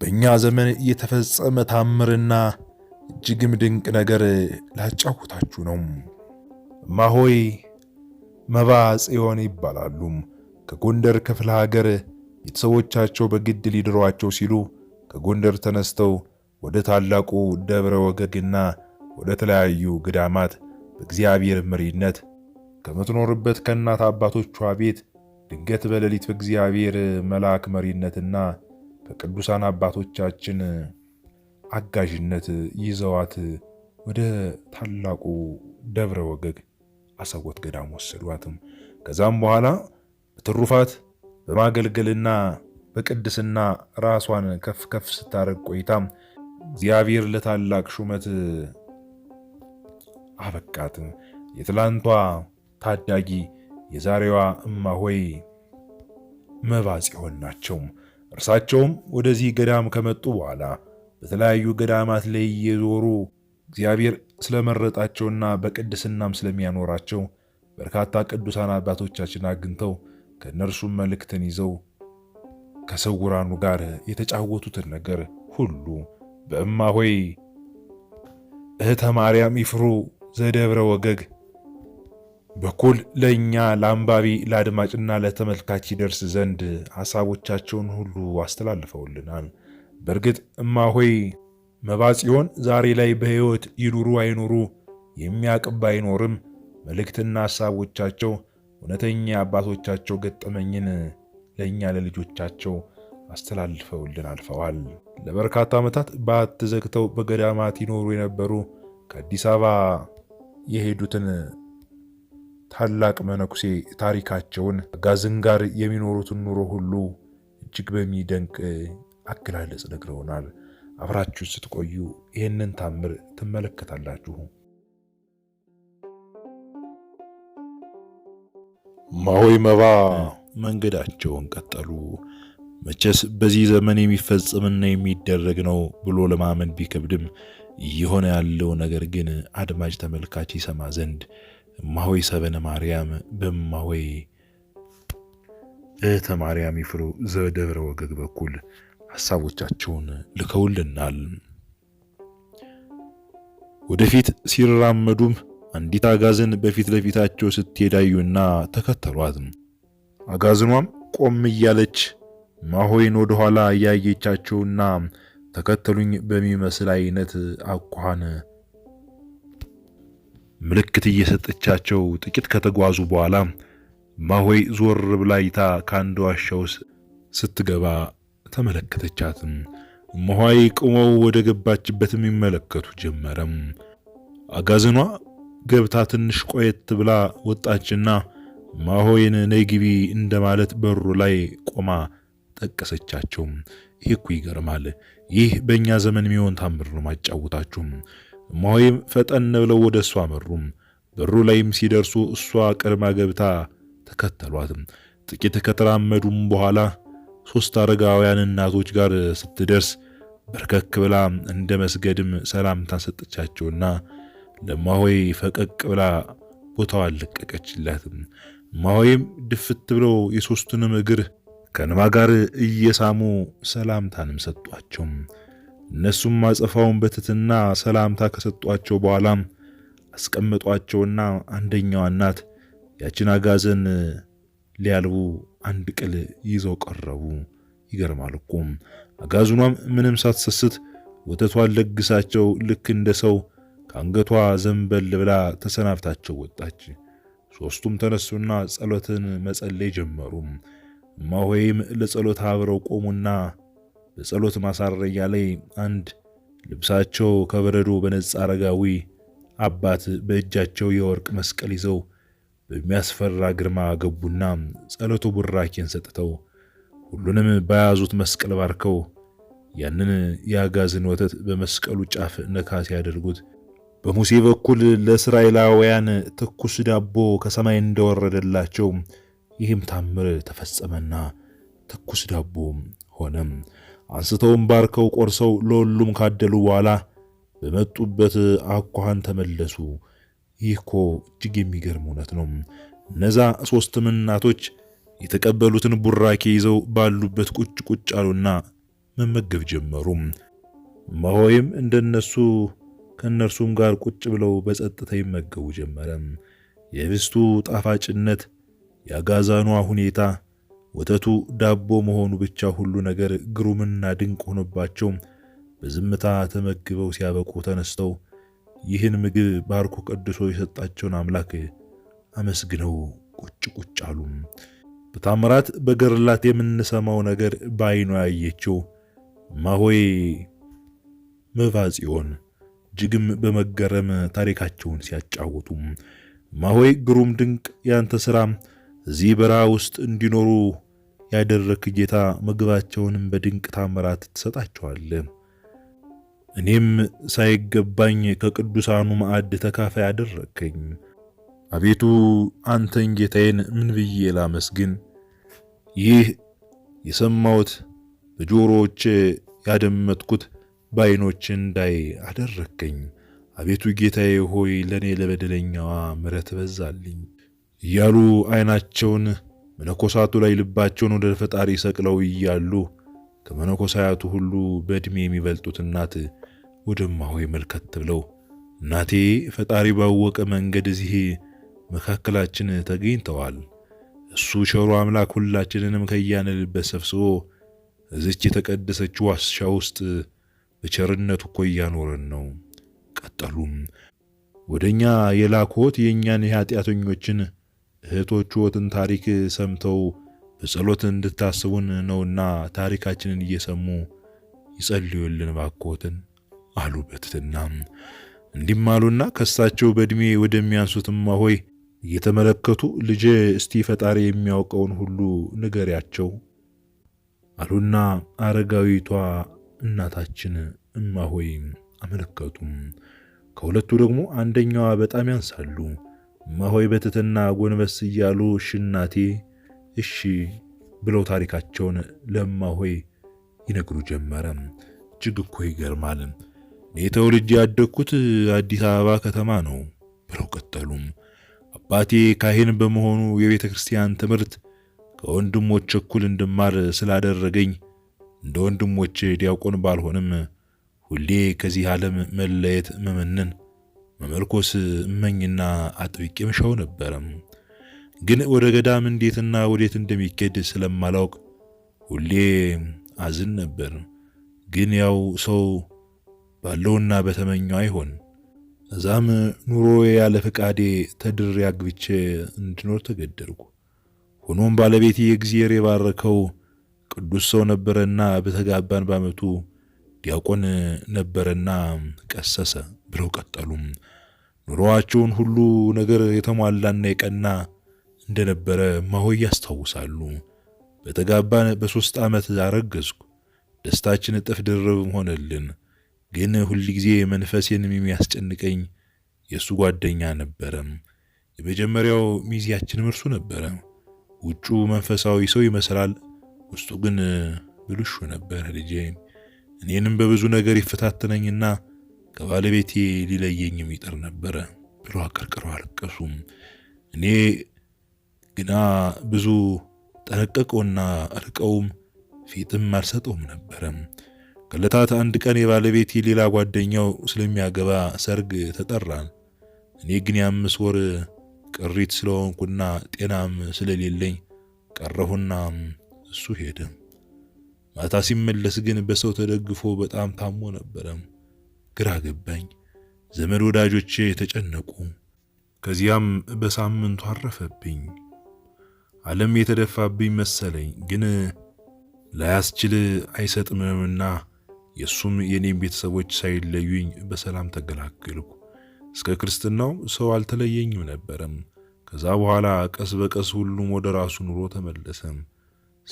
በእኛ ዘመን የተፈጸመ ታምርና እጅግም ድንቅ ነገር ላጫውታችሁ ነው። ማሆይ መባ ጽዮን ይባላሉ። ከጎንደር ክፍለ ሀገር ቤተሰቦቻቸው በግድ ሊድሯቸው ሲሉ ከጎንደር ተነስተው ወደ ታላቁ ደብረ ወገግና ወደ ተለያዩ ገዳማት በእግዚአብሔር መሪነት ከምትኖርበት ከእናት አባቶቿ ቤት ድንገት በሌሊት በእግዚአብሔር መልአክ መሪነትና በቅዱሳን አባቶቻችን አጋዥነት ይዘዋት ወደ ታላቁ ደብረ ወገግ አሰቦት ገዳም ወሰዷትም። ከዛም በኋላ በትሩፋት በማገልገልና በቅድስና ራሷን ከፍ ከፍ ስታደርግ ቆይታም እግዚአብሔር ለታላቅ ሹመት አበቃት። የትላንቷ ታዳጊ የዛሬዋ እማሆይ መባጽ ይሆን ናቸውም። እርሳቸውም ወደዚህ ገዳም ከመጡ በኋላ በተለያዩ ገዳማት ላይ እየዞሩ እግዚአብሔር ስለመረጣቸውና በቅድስናም ስለሚያኖራቸው በርካታ ቅዱሳን አባቶቻችን አግኝተው ከእነርሱም መልእክትን ይዘው ከስውራኑ ጋር የተጫወቱትን ነገር ሁሉ በእማሆይ እህተ ማርያም ይፍሩ ዘደብረ ወገግ በኩል ለእኛ ለአንባቢ ለአድማጭና ለተመልካች ይደርስ ዘንድ ሐሳቦቻቸውን ሁሉ አስተላልፈውልናል። በእርግጥ እማሆይ መባጽዮን ዛሬ ላይ በሕይወት ይኑሩ አይኑሩ የሚያቅብ አይኖርም መልእክትና ሐሳቦቻቸው እውነተኛ አባቶቻቸው ገጠመኝን ለእኛ ለልጆቻቸው አስተላልፈውልን አልፈዋል። ለበርካታ ዓመታት ባት ዘግተው በገዳማት ይኖሩ የነበሩ ከአዲስ አበባ የሄዱትን ታላቅ መነኩሴ ታሪካቸውን ጋዝን ጋር የሚኖሩትን ኑሮ ሁሉ እጅግ በሚደንቅ አገላለጽ ነግረውናል። አብራችሁ ስትቆዩ ይህንን ታምር ትመለከታላችሁ። ማሆይ መባ መንገዳቸውን ቀጠሉ። መቼስ በዚህ ዘመን የሚፈጽምና የሚደረግ ነው ብሎ ለማመን ቢከብድም እየሆነ ያለው ነገር ግን አድማጭ ተመልካች ይሰማ ዘንድ እማሆይ ሰበነ ማርያም በእማሆይ እህተ ማርያም ይፍሩ ዘደብረ ወገግ በኩል ሀሳቦቻቸውን ልከውልናል። ወደፊት ሲራመዱም አንዲት አጋዘን በፊት ለፊታቸው ስትሄዳዩና ተከተሏት። አጋዘኗም ቆም እያለች ማሆይን ወደኋላ እያየቻቸውና ተከተሉኝ በሚመስል አይነት አኳኋን ምልክት እየሰጠቻቸው ጥቂት ከተጓዙ በኋላ ማሆይ ዞር ብላ አይታ ከአንድ ዋሻ ውስጥ ስትገባ ተመለከተቻትም። ማሆይ ቁመው ወደ ገባችበት የሚመለከቱ ጀመረም። አጋዘኗ ገብታ ትንሽ ቆየት ብላ ወጣችና ማሆይን ነይ ግቢ እንደማለት በሩ ላይ ቆማ ጠቀሰቻቸው። ይህ እኮ ይገርማል። ይህ በእኛ ዘመን የሚሆን ታምር ነው። ማጫወታችሁም እማሆይም ፈጠን ብለው ወደ እሷ መሩም። በሩ ላይም ሲደርሱ እሷ ቀድማ ገብታ ተከተሏትም። ጥቂት ከተራመዱም በኋላ ሶስት አረጋውያን እናቶች ጋር ስትደርስ በርከክ ብላ እንደ መስገድም ሰላምታ ሰጠቻቸውና ለማሆይ ፈቀቅ ብላ ቦታዋ አለቀቀችላትም። ማሆይም ድፍት ብለው የሶስቱንም እግር ከንባ ጋር እየሳሙ ሰላምታንም ሰጧቸውም። እነሱም አጸፋውን በትትና ሰላምታ ከሰጧቸው በኋላም አስቀመጧቸውና አንደኛዋ እናት ያችን አጋዘን ሊያልቡ አንድ ቅል ይዘው ቀረቡ። ይገርማል እኮ አጋዘኗም ምንም ሳትሰስት ወተቷን ለግሳቸው ልክ እንደ ሰው ከአንገቷ ዘንበል ብላ ተሰናብታቸው ወጣች። ሶስቱም ተነሱና ጸሎትን መጸለይ ጀመሩ። እማሆይም ለጸሎት አብረው ቆሙና በጸሎት ማሳረጊያ ላይ አንድ ልብሳቸው ከበረዶ በነጻ አረጋዊ አባት በእጃቸው የወርቅ መስቀል ይዘው በሚያስፈራ ግርማ ገቡና ጸሎቱ ቡራኬን ሰጥተው ሁሉንም በያዙት መስቀል ባርከው ያንን የአጋዝን ወተት በመስቀሉ ጫፍ ነካ ሲያደርጉት በሙሴ በኩል ለእስራኤላውያን ትኩስ ዳቦ ከሰማይ እንደወረደላቸው ይህም ታምር ተፈጸመና ትኩስ ዳቦ ሆነም። አንስተውም ባርከው ቆርሰው ለሁሉም ካደሉ በኋላ በመጡበት አኳኋን ተመለሱ። ይህ እኮ እጅግ የሚገርም እውነት ነው። እነዛ ሦስቱም እናቶች የተቀበሉትን ቡራኬ ይዘው ባሉበት ቁጭ ቁጭ አሉና መመገብ ጀመሩ። መሆይም እንደነሱ ከእነርሱም ጋር ቁጭ ብለው በጸጥታ ይመገቡ ጀመረ። የህብስቱ ጣፋጭነት፣ የአጋዛኗ ሁኔታ ወተቱ ዳቦ መሆኑ ብቻ ሁሉ ነገር ግሩምና ድንቅ ሆኖባቸው በዝምታ ተመግበው ሲያበቁ ተነስተው ይህን ምግብ ባርኮ ቀድሶ የሰጣቸውን አምላክ አመስግነው ቁጭ ቁጭ አሉ። በታምራት በገርላት የምንሰማው ነገር በአይኑ ያየችው ማሆይ መባጽዮን እጅግም በመገረም ታሪካቸውን ሲያጫወቱ ማሆይ ግሩም ድንቅ ያንተ ስራ እዚህ በረሃ ውስጥ እንዲኖሩ ያደረክ ጌታ ምግባቸውንም በድንቅ ታምራት ትሰጣቸዋለህ። እኔም ሳይገባኝ ከቅዱሳኑ ማዕድ ተካፋይ አደረከኝ። አቤቱ አንተን ጌታዬን ምን ብዬ ላመስግን? ይህ የሰማሁት በጆሮዎች ያደመጥኩት በዓይኖች እንዳይ አደረከኝ። አቤቱ ጌታዬ ሆይ ለእኔ ለበደለኛዋ ምረት በዛልኝ እያሉ ዓይናቸውን መነኮሳቱ ላይ ልባቸውን ወደ ፈጣሪ ሰቅለው እያሉ ከመነኮሳያቱ ሁሉ በዕድሜ የሚበልጡት እናት ወደ እማሆይ መልከት ብለው እናቴ ፈጣሪ ባወቀ መንገድ እዚህ መካከላችን ተገኝተዋል። እሱ ሸሮ አምላክ ሁላችንንም ከያንልበት ሰብስቦ እዚች የተቀደሰች ዋሻ ውስጥ በቸርነቱ እኮ እያኖረን ነው። ቀጠሉም ወደኛ የላኮት የእኛን የኃጢአተኞችን እህቶችዎትን ታሪክ ሰምተው በጸሎት እንድታስቡን ነውና ታሪካችንን እየሰሙ ይጸልዩልን ባኮትን አሉ በትትና እንዲህም አሉና ከሳቸው በእድሜ ወደሚያንሱት ሆይ እየተመለከቱ ልጄ እስቲ ፈጣሪ የሚያውቀውን ሁሉ ንገሪያቸው አሉና አረጋዊቷ እናታችን እማሆይ አመለከቱም። ከሁለቱ ደግሞ አንደኛዋ በጣም ያንሳሉ። መሆይ በትትና ጎንበስ እያሉ እሽናቴ እሺ ብለው ታሪካቸውን ለማሆይ ይነግሩ ጀመረ። እጅግ እኮ ይገርማል። እኔ ተወልጄ ያደግኩት አዲስ አበባ ከተማ ነው ብለው ቀጠሉም። አባቴ ካህን በመሆኑ የቤተ ክርስቲያን ትምህርት ከወንድሞች እኩል እንድማር ስላደረገኝ እንደ ወንድሞች ዲያቆን ባልሆንም ሁሌ ከዚህ ዓለም መለየት መመንን መመልኮስ እመኝና አጥብቄ የምሻው ነበረም። ግን ወደ ገዳም እንዴትና ወዴት እንደሚኬድ ስለማላውቅ ሁሌ አዝን ነበር። ግን ያው ሰው ባለውና በተመኘው አይሆን። እዛም ኑሮ ያለ ፈቃዴ ተድር ያግብቼ እንድኖር ተገደድኩ። ሆኖም ባለቤቴ እግዚአብሔር የባረከው ቅዱስ ሰው ነበረና በተጋባን ባመቱ ዲያቆን ነበረና ቀሰሰ ብለው ቀጠሉም። ኑሮዋቸውን ሁሉ ነገር የተሟላና የቀና እንደነበረ ማሆይ ያስታውሳሉ። በተጋባን በሶስት ዓመት አረገዝኩ። ደስታችን እጥፍ ድርብም ሆነልን። ግን ሁልጊዜ መንፈሴን የሚያስጨንቀኝ የእሱ ጓደኛ ነበረም። የመጀመሪያው ሚዜያችንም እርሱ ነበረ። ውጩ መንፈሳዊ ሰው ይመስላል፣ ውስጡ ግን ብልሹ ነበር ልጄ እኔንም በብዙ ነገር ይፈታተነኝና ከባለቤቴ ሊለየኝም ይጥር ነበረ ብሎ አቀርቅረው አለቀሱም። እኔ ግና ብዙ ጠነቀቀውና እርቀውም ፊትም አልሰጠውም ነበረም። ከለታት አንድ ቀን የባለቤቴ ሌላ ጓደኛው ስለሚያገባ ሰርግ ተጠራን። እኔ ግን የአምስት ወር ቅሪት ስለሆንኩና ጤናም ስለሌለኝ ቀረሁና እሱ ሄደ። ማታ ሲመለስ ግን በሰው ተደግፎ በጣም ታሞ ነበረ። ግራ ገባኝ። ዘመድ ወዳጆቼ የተጨነቁ። ከዚያም በሳምንቱ አረፈብኝ። ዓለም የተደፋብኝ መሰለኝ፣ ግን ላያስችል አይሰጥምምና የእሱም የእኔም ቤተሰቦች ሳይለዩኝ በሰላም ተገላገልኩ። እስከ ክርስትናው ሰው አልተለየኝም ነበረም። ከዛ በኋላ ቀስ በቀስ ሁሉም ወደ ራሱ ኑሮ ተመለሰም።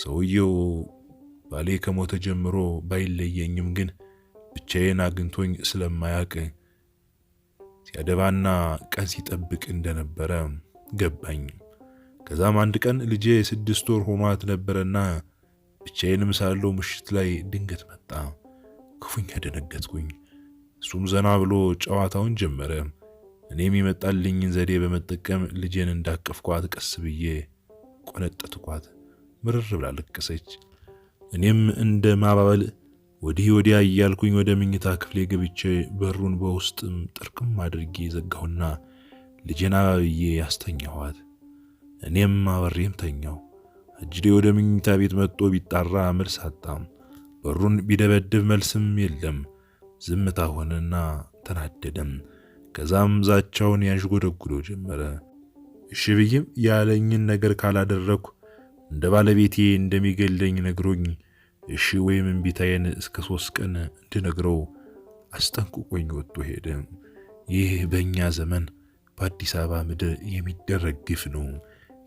ሰውየው ባሌ ከሞተ ጀምሮ ባይለየኝም ግን ብቻዬን አግኝቶኝ ስለማያቅ ሲያደባና ቀን ሲጠብቅ እንደነበረ ገባኝ። ከዛም አንድ ቀን ልጄ ስድስት ወር ሆኗት ነበረና ብቻዬንም ሳለው ምሽት ላይ ድንገት መጣ። ክፉኛ ደነገጥኩኝ። እሱም ዘና ብሎ ጨዋታውን ጀመረ። እኔም የመጣልኝን ዘዴ በመጠቀም ልጄን እንዳቀፍኳት ቀስ ብዬ ቆነጠትኳት። ምርር ብላ ለቀሰች። እኔም እንደ ማባበል ወዲህ ወዲያ እያልኩኝ ወደ መኝታ ክፍሌ ገብቼ በሩን በውስጥም ጥርቅም አድርጌ ዘጋሁና ልጄን አባብዬ ያስተኛኋት። እኔም አበሬም ተኛው። እጅዴ ወደ መኝታ ቤት መጥቶ ቢጣራ መልስ አጣም፣ በሩን ቢደበድብ መልስም የለም። ዝምታ ሆነና ተናደደም። ከዛም ዛቻውን ያዥጎደጉዶ ጀመረ። እሺ ብዬም ያለኝን ነገር ካላደረግኩ እንደ ባለቤቴ እንደሚገለኝ ነግሮኝ እሺ ወይም እምቢታዬን እስከ ሶስት ቀን እንድነግረው አስጠንቅቆኝ ወጥቶ ሄደ። ይህ በእኛ ዘመን በአዲስ አበባ ምድር የሚደረግ ግፍ ነው።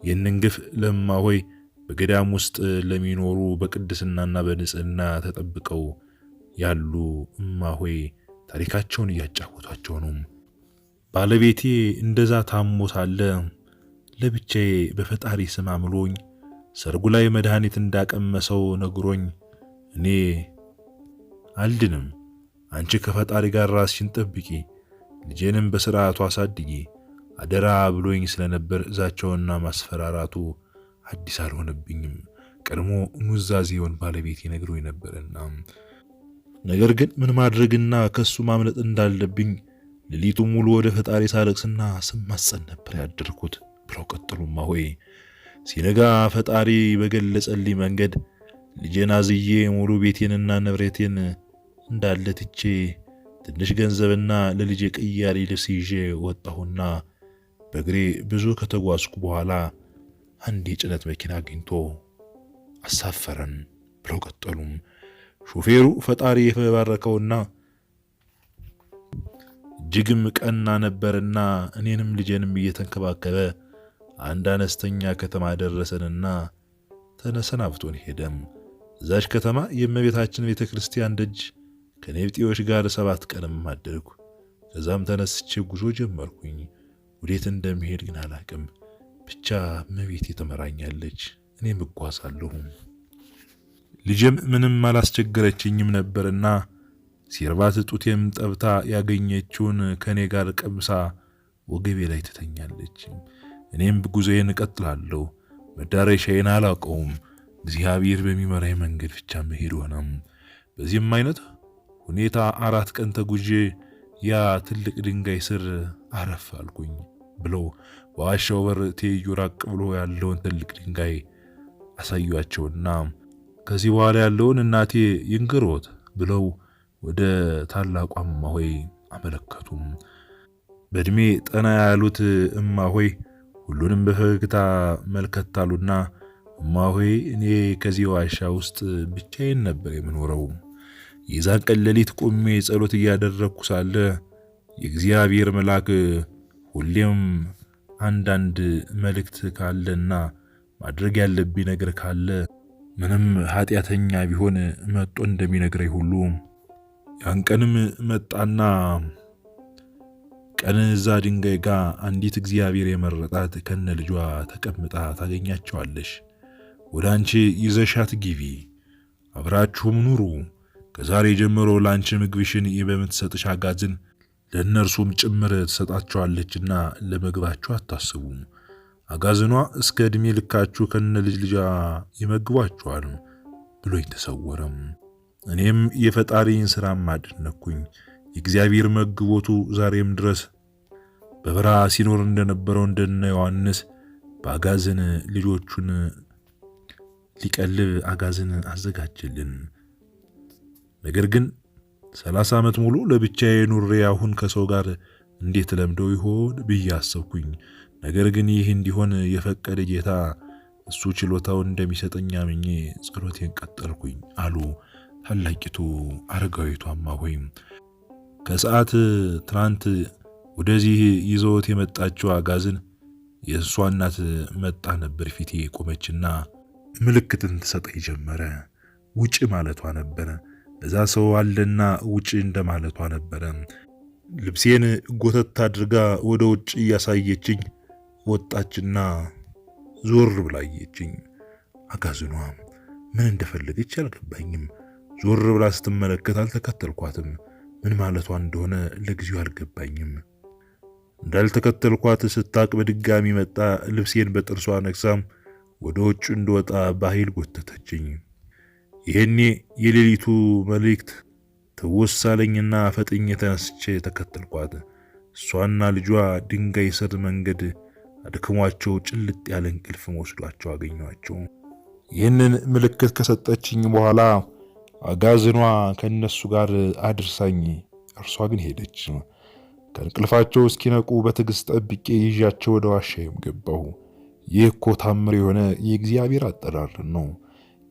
ይህንን ግፍ ለማ ሆይ በገዳም ውስጥ ለሚኖሩ በቅድስናና በንጽህና ተጠብቀው ያሉ እማ ሆይ ታሪካቸውን እያጫወቷቸው ነው። ባለቤቴ እንደዛ ታሞ ሳለ ለብቻዬ በፈጣሪ ስም አምሎኝ ሰርጉ ላይ መድኃኒት እንዳቀመሰው ነግሮኝ እኔ አልድንም፣ አንቺ ከፈጣሪ ጋር ራስሽን ጠብቂ፣ ልጄንም በስርዓቱ አሳድጊ አደራ ብሎኝ ስለነበር እዛቸውና ማስፈራራቱ አዲስ አልሆነብኝም። ቀድሞ ኑዛዜውን ባለቤት ይነግሮኝ ነበርና ነገር ግን ምን ማድረግና ከሱ ማምለጥ እንዳለብኝ ሌሊቱ ሙሉ ወደ ፈጣሪ ሳለቅስና ስማጸን ነበር ያደርኩት ብለው ቀጠሉማ ሆይ ሲነጋ ፈጣሪ በገለጸልኝ መንገድ ልጄን አዝዬ ሙሉ ቤቴንና ንብረቴን እንዳለ ትቼ ትንሽ ገንዘብና ለልጄ ቅያሪ ልብስ ይዤ ወጣሁና በእግሬ ብዙ ከተጓዝኩ በኋላ አንድ የጭነት መኪና አግኝቶ አሳፈረን ብለው ቀጠሉም። ሾፌሩ ፈጣሪ የተባረከውና እጅግም ቀና ነበርና እኔንም ልጄንም እየተንከባከበ አንድ አነስተኛ ከተማ ደረሰንና ተሰናብቶን ሄደም። እዛች ከተማ የእመቤታችን ቤተ ክርስቲያን ደጅ ከኔብጤዎች ጋር ሰባት ቀንም አደርኩ። ከዛም ተነስቼ ጉዞ ጀመርኩኝ። ወዴት እንደሚሄድ ግን አላቅም። ብቻ እመቤቴ ትመራኛለች፣ እኔም እጓዛለሁ። ልጅም ምንም አላስቸገረችኝም ነበርና ሲርባት ጡቴም ጠብታ ያገኘችውን ከእኔ ጋር ቀምሳ ወገቤ ላይ ትተኛለች። እኔም ጉዞዬን እቀጥላለሁ። መዳረሻዬን አላውቀውም። እግዚአብሔር በሚመራኝ መንገድ ብቻ መሄድ ሆነ። በዚህም አይነት ሁኔታ አራት ቀን ተጉዤ ያ ትልቅ ድንጋይ ስር አረፍ አልኩኝ ብሎ በዋሻው በር ትይዩ ራቅ ብሎ ያለውን ትልቅ ድንጋይ አሳያቸውና ከዚህ በኋላ ያለውን እናቴ ይንገሮት ብለው ወደ ታላቋ እማሆይ አመለከቱም። በእድሜ ጠና ያሉት እማሆይ ሁሉንም በፈገግታ መልከት አሉና እማሆይ እኔ ከዚህ ዋሻ ውስጥ ብቻዬን ነበር የምኖረው። የዛን ቀን ሌሊት ቆሜ ጸሎት እያደረግኩ ሳለ የእግዚአብሔር መልአክ ሁሌም አንዳንድ መልእክት ካለና ማድረግ ያለብኝ ነገር ካለ ምንም ኃጢአተኛ ቢሆን መጦ እንደሚነግረኝ ሁሉ ያን ቀንም መጣና ቀን እዛ ድንጋይ ጋር አንዲት እግዚአብሔር የመረጣት ከነ ልጇ ተቀምጣ ታገኛቸዋለሽ። ወደ አንቺ ይዘሻት ግቢ፣ አብራችሁም ኑሩ። ከዛሬ ጀምሮ ለአንቺ ምግብሽን በምትሰጥሽ አጋዝን ለእነርሱም ጭምር ትሰጣቸዋለችና ለምግባችሁ አታስቡ። አጋዝኗ እስከ ዕድሜ ልካችሁ ከነ ልጅ ልጃ ይመግቧችኋል ብሎኝ ተሰወረም። እኔም የፈጣሪን ሥራም ማድነኩኝ። የእግዚአብሔር መግቦቱ ዛሬም ድረስ በበረሃ ሲኖር እንደነበረው እንደነ ዮሐንስ በአጋዘን ልጆቹን ሊቀልብ አጋዝን አዘጋጀልን። ነገር ግን ሰላሳ ዓመት ሙሉ ለብቻዬ ኑሬ አሁን ከሰው ጋር እንዴት ለምደው ይሆን ብዬ አሰብኩኝ። ነገር ግን ይህ እንዲሆን የፈቀደ ጌታ እሱ ችሎታው እንደሚሰጠኝ አምኜ ጸሎቴን ቀጠልኩኝ አሉ ታላቂቱ አረጋዊቷ እማሆይ። ከሰዓት ትናንት ወደዚህ ይዘውት የመጣችው አጋዝን የእሷ እናት መጣ ነበር ፊቴ ቆመችና ምልክትን ትሰጠኝ ጀመረ። ውጭ ማለቷ ነበረ። በዛ ሰው አለና ውጭ እንደማለቷ ነበረ። ልብሴን ጎተት አድርጋ ወደ ውጭ እያሳየችኝ ወጣችና ዞር ብላየችኝ። አጋዝኗ ምን እንደፈለገች አልገባኝም። ዞር ብላ ስትመለከት አልተከተልኳትም። ምን ማለቷ እንደሆነ ለጊዜው አልገባኝም። እንዳልተከተልኳት ስታቅ በድጋሚ መጣ። ልብሴን በጥርሷ ነክሳም ወደ ውጭ እንደወጣ በኃይል ጎተተችኝ። ይህኔ የሌሊቱ መልእክት ትወሳለኝና ፈጥኜ ተነስቼ ተከተልኳት። እሷና ልጇ ድንጋይ ስር መንገድ አድክሟቸው ጭልጥ ያለ እንቅልፍ መውሰዷቸው አገኟቸው። ይህንን ምልክት ከሰጠችኝ በኋላ አጋዝኗ ከእነሱ ጋር አድርሳኝ፣ እርሷ ግን ሄደች። ከእንቅልፋቸው እስኪነቁ በትግስት ጠብቄ ይዣቸው ወደ ዋሻዬም ገባሁ። ይህ እኮ ታምር የሆነ የእግዚአብሔር አጠራር ነው።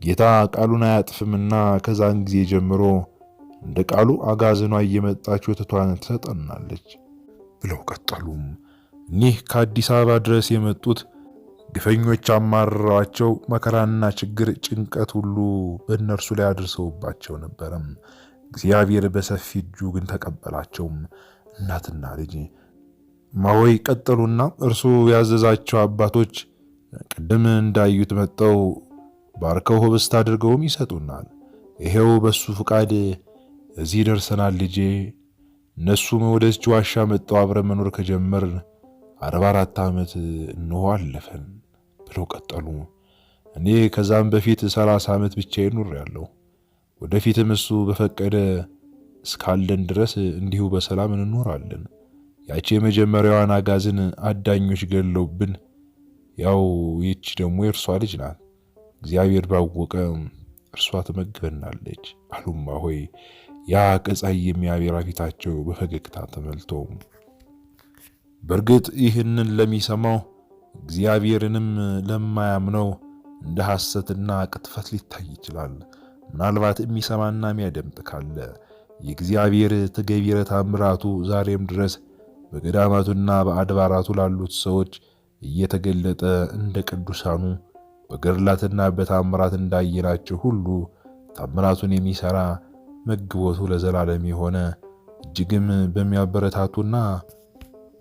ጌታ ቃሉን አያጥፍምና ከዛን ጊዜ ጀምሮ እንደ ቃሉ አጋዘኗ እየመጣች ወተቷን ትሰጠናለች ብለው ቀጠሉም። እኒህ ከአዲስ አበባ ድረስ የመጡት ግፈኞች አማረሯቸው። መከራና ችግር፣ ጭንቀት ሁሉ በእነርሱ ላይ አድርሰውባቸው ነበረም። እግዚአብሔር በሰፊ እጁ ግን ተቀበላቸውም እናትና ልጅ ማወይ ቀጠሉና እርሱ ያዘዛቸው አባቶች ቅድም እንዳዩት መጠው ባርከው ሆብስት አድርገውም ይሰጡናል። ይሄው በሱ ፍቃድ እዚህ ደርሰናል ልጄ። እነሱም ወደች ዋሻ መጠው አብረ መኖር ከጀመርን አርባ አራት ዓመት እንሆ አለፈን ብለው ቀጠሉ። እኔ ከዛም በፊት ሰላሳ ዓመት ብቻዬን ያለው ወደፊትም እሱ በፈቀደ እስካለን ድረስ እንዲሁ በሰላም እንኖራለን። ያቺ የመጀመሪያዋን አጋዝን አዳኞች ገለውብን፣ ያው ይቺ ደግሞ የእርሷ ልጅ ናት። እግዚአብሔር ባወቀ እርሷ ትመግበናለች። አሉማ ሆይ ያ ቀጻይ የሚያበራ ፊታቸው በፈገግታ ተመልቶ በእርግጥ ይህንን ለሚሰማው እግዚአብሔርንም ለማያምነው እንደ ሐሰትና ቅጥፈት ሊታይ ይችላል። ምናልባት የሚሰማና የሚያደምጥ ካለ የእግዚአብሔር ተገቢረ ዛሬም ድረስ በገዳማቱና በአድባራቱ ላሉት ሰዎች እየተገለጠ እንደ ቅዱሳኑ በገድላትና በታምራት እንዳየናቸው ሁሉ ታምራቱን የሚሰራ መግቦቱ ለዘላለም የሆነ እጅግም በሚያበረታቱና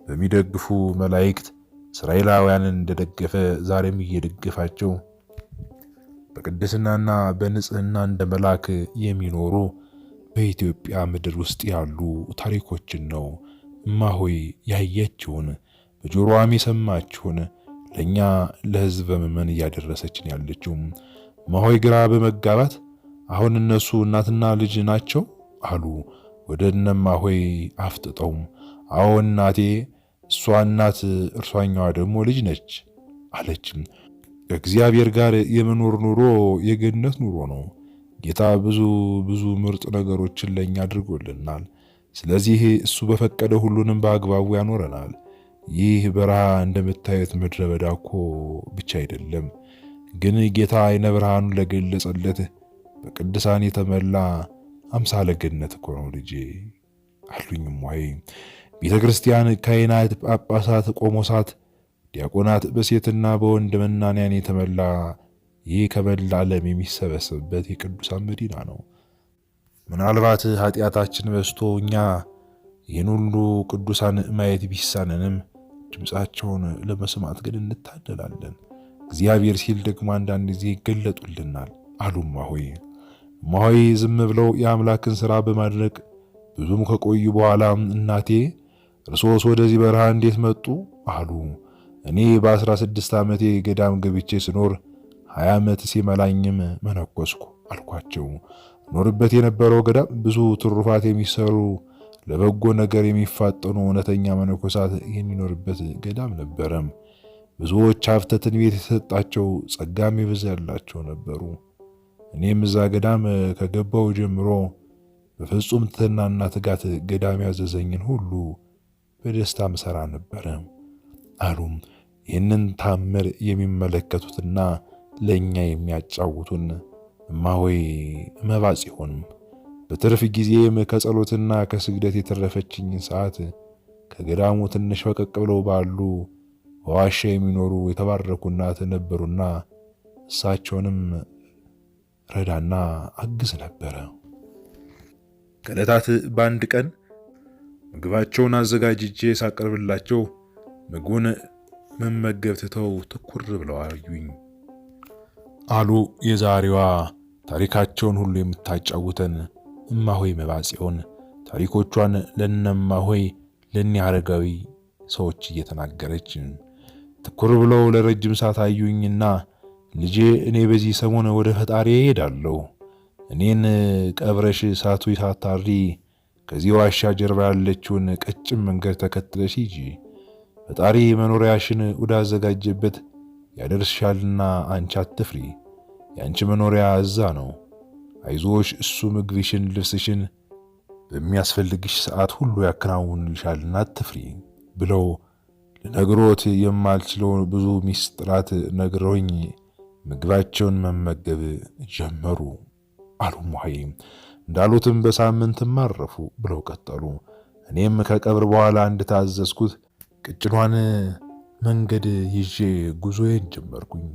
በሚደግፉ መላእክት እስራኤላውያንን እንደደገፈ ዛሬም እየደገፋቸው በቅድስናና በንጽህና እንደ መላክ የሚኖሩ በኢትዮጵያ ምድር ውስጥ ያሉ ታሪኮችን ነው ማሆይ ያየችውን በጆሮዋም የሰማችውን ለእኛ ለህዝብ ምመን እያደረሰችን ያለችው ማሆይ ግራ በመጋባት አሁን እነሱ እናትና ልጅ ናቸው አሉ። ወደ እነማሆይ አፍጥጠው አዎ እናቴ፣ እሷ እናት እርሷኛዋ ደግሞ ልጅ ነች አለች። ከእግዚአብሔር ጋር የመኖር ኑሮ የገነት ኑሮ ነው። ጌታ ብዙ ብዙ ምርጥ ነገሮችን ለእኛ አድርጎልናል። ስለዚህ እሱ በፈቀደ ሁሉንም በአግባቡ ያኖረናል። ይህ በረሃ እንደምታዩት ምድረ በዳ እኮ ብቻ አይደለም፣ ግን ጌታ አይነ ብርሃኑ ለገለጸለት በቅዱሳን የተመላ አምሳለ ገነት እኮ ነው ልጄ አሉኝም ወይ ቤተ ክርስቲያን ካህናት፣ ጳጳሳት፣ ቆሞሳት፣ ዲያቆናት በሴትና በወንድ መናንያን የተመላ ይህ ከመላ ዓለም የሚሰበሰብበት የቅዱሳን መዲና ነው። ምናልባት ኃጢአታችን በዝቶ እኛ ይህን ሁሉ ቅዱሳን ማየት ቢሳንንም ድምፃቸውን ለመስማት ግን እንታደላለን። እግዚአብሔር ሲል ደግሞ አንዳንድ ጊዜ ይገለጡልናል አሉ እማሆይ። እማሆይ ዝም ብለው የአምላክን ሥራ በማድረግ ብዙም ከቆዩ በኋላ እናቴ እርሶስ ወደዚህ በረሃ እንዴት መጡ? አሉ። እኔ በ16 ዓመቴ ገዳም ገብቼ ስኖር 20 ዓመት ሲመላኝም መነኮስኩ አልኳቸው። ኖርበት የነበረው ገዳም ብዙ ትሩፋት የሚሰሩ ለበጎ ነገር የሚፋጠኑ እውነተኛ መነኮሳት የሚኖርበት ገዳም ነበረም። ብዙዎች ሀብተ ትንቢት የተሰጣቸው ጸጋም ብዛ ያላቸው ነበሩ። እኔም እዛ ገዳም ከገባው ጀምሮ በፍጹም ትህትናና ትጋት ገዳም ያዘዘኝን ሁሉ በደስታ ምሰራ ነበረ አሉም። ይህንን ታምር የሚመለከቱትና ለእኛ የሚያጫውቱን እማሆይ መባጽ ይሆን በትርፍ ጊዜም ከጸሎትና ከስግደት የተረፈችኝን ሰዓት ከገዳሙ ትንሽ ፈቀቅ ብለው ባሉ በዋሻ የሚኖሩ የተባረኩ እናት ነበሩና እሳቸውንም ረዳና አግዝ ነበረ። ከዕለታት በአንድ ቀን ምግባቸውን አዘጋጅቼ ሳቀርብላቸው ምግቡን መመገብ ትተው ትኩር ብለው አዩኝ። አሉ የዛሬዋ ታሪካቸውን ሁሉ የምታጫውተን እማሆይ መባጽዮን ታሪኮቿን ለነማሆይ ለኒ አረጋዊ ሰዎች እየተናገረች ትኩር ብለው ለረጅም ሰዓት አዩኝና ልጄ እኔ በዚህ ሰሞን ወደ ፈጣሪ እሄዳለሁ። እኔን ቀብረሽ ሳቱ ሳታሪ ከዚህ ዋሻ ጀርባ ያለችውን ቀጭን መንገድ ተከትለሽ ሂጂ። ፈጣሪ መኖሪያሽን ወዳዘጋጀበት ያደርስሻልና አንቺ አትፍሪ፣ የአንቺ መኖሪያ እዛ ነው። አይዞሽ፣ እሱ ምግብሽን፣ ልብስሽን በሚያስፈልግሽ ሰዓት ሁሉ ያከናውንልሻልና አትፍሪ ብለው ልነግሮት የማልችለው ብዙ ሚስጥራት ነግረውኝ ምግባቸውን መመገብ ጀመሩ አሉ ሙሀይ። እንዳሉትም በሳምንት አረፉ ብለው ቀጠሉ። እኔም ከቀብር በኋላ እንድታዘዝኩት ቅጭሏን መንገድ ይዤ ጉዞዬን ጀመርኩኝ።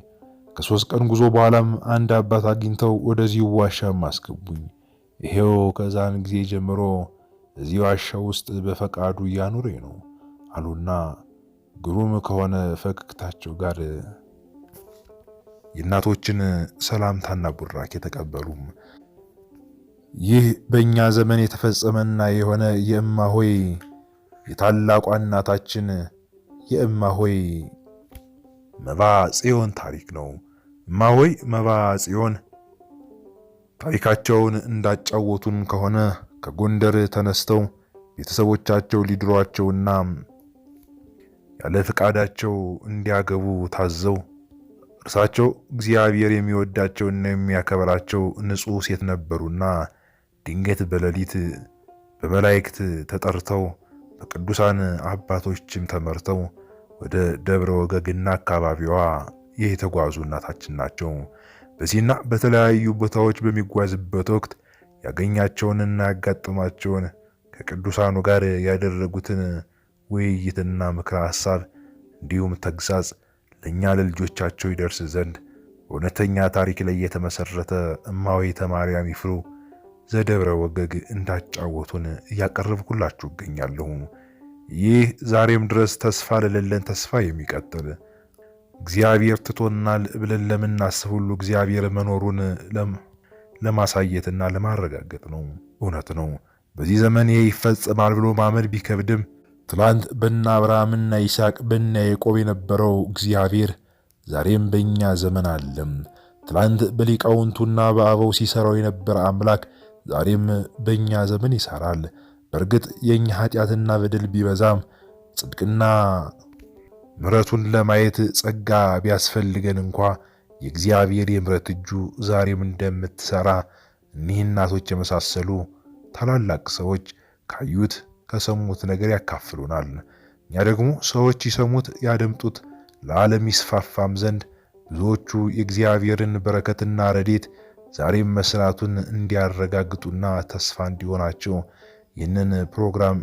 ከሶስት ቀን ጉዞ በኋላም አንድ አባት አግኝተው ወደዚህ ዋሻም አስገቡኝ። ይሄው ከዛን ጊዜ ጀምሮ እዚህ ዋሻ ውስጥ በፈቃዱ እያኖሬ ነው አሉና ግሩም ከሆነ ፈገግታቸው ጋር የእናቶችን ሰላምታና ቡራክ የተቀበሉም። ይህ በእኛ ዘመን የተፈጸመና የሆነ የእማ ሆይ የታላቋ እናታችን የእማሆይ መባ ጽዮን ታሪክ ነው። እማሆይ መባ ጽዮን ታሪካቸውን እንዳጫወቱን ከሆነ ከጎንደር ተነስተው ቤተሰቦቻቸው ሊድሯቸውና ያለ ፍቃዳቸው እንዲያገቡ ታዘው እርሳቸው እግዚአብሔር የሚወዳቸውና የሚያከብራቸው ንጹሕ ሴት ነበሩና ድንገት በሌሊት በመላእክት ተጠርተው በቅዱሳን አባቶችም ተመርተው ወደ ደብረ ወገግና አካባቢዋ የተጓዙ እናታችን ናቸው። በዚህና በተለያዩ ቦታዎች በሚጓዝበት ወቅት ያገኛቸውንና ያጋጥማቸውን ከቅዱሳኑ ጋር ያደረጉትን ውይይትና ምክረ ሐሳብ እንዲሁም ተግሳጽ ለእኛ ለልጆቻቸው ይደርስ ዘንድ በእውነተኛ ታሪክ ላይ የተመሰረተ እማዊ ተማሪያም ይፍሩ ዘደብረ ወገግ እንዳጫወቱን እያቀረብኩላችሁ እገኛለሁ። ይህ ዛሬም ድረስ ተስፋ ለሌለን ተስፋ የሚቀጥል እግዚአብሔር ትቶናል ብለን ለምናስብ ሁሉ እግዚአብሔር መኖሩን ለማሳየትና ለማረጋገጥ ነው። እውነት ነው። በዚህ ዘመን ይሄ ይፈጸማል ብሎ ማመን ቢከብድም ትላንት በና አብርሃምና ይስሐቅ በና ያዕቆብ የነበረው እግዚአብሔር ዛሬም በእኛ ዘመን አለም። ትላንት በሊቃውንቱና በአበው ሲሰራው የነበረ አምላክ ዛሬም በእኛ ዘመን ይሰራል። በእርግጥ የእኛ ኃጢአትና በደል ቢበዛም ጽድቅና ምረቱን ለማየት ጸጋ ቢያስፈልገን እንኳ የእግዚአብሔር የምረት እጁ ዛሬም እንደምትሰራ እኒህ እናቶች የመሳሰሉ ታላላቅ ሰዎች ካዩት ከሰሙት ነገር ያካፍሉናል። እኛ ደግሞ ሰዎች ይሰሙት፣ ያደምጡት ለዓለም ይስፋፋም ዘንድ ብዙዎቹ የእግዚአብሔርን በረከትና ረዴት ዛሬም መስራቱን እንዲያረጋግጡና ተስፋ እንዲሆናቸው ይህንን ፕሮግራም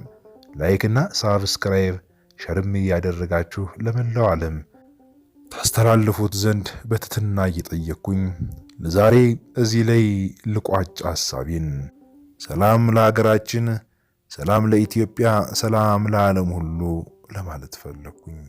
ላይክና ሳብስክራይብ ሸርም እያደረጋችሁ ለመላው ዓለም ታስተላልፉት ዘንድ በትትና እየጠየቅኩኝ ለዛሬ እዚህ ላይ ልቋጭ ሐሳቤን። ሰላም ለሀገራችን፣ ሰላም ለኢትዮጵያ፣ ሰላም ለዓለም ሁሉ ለማለት ፈለግኩኝ።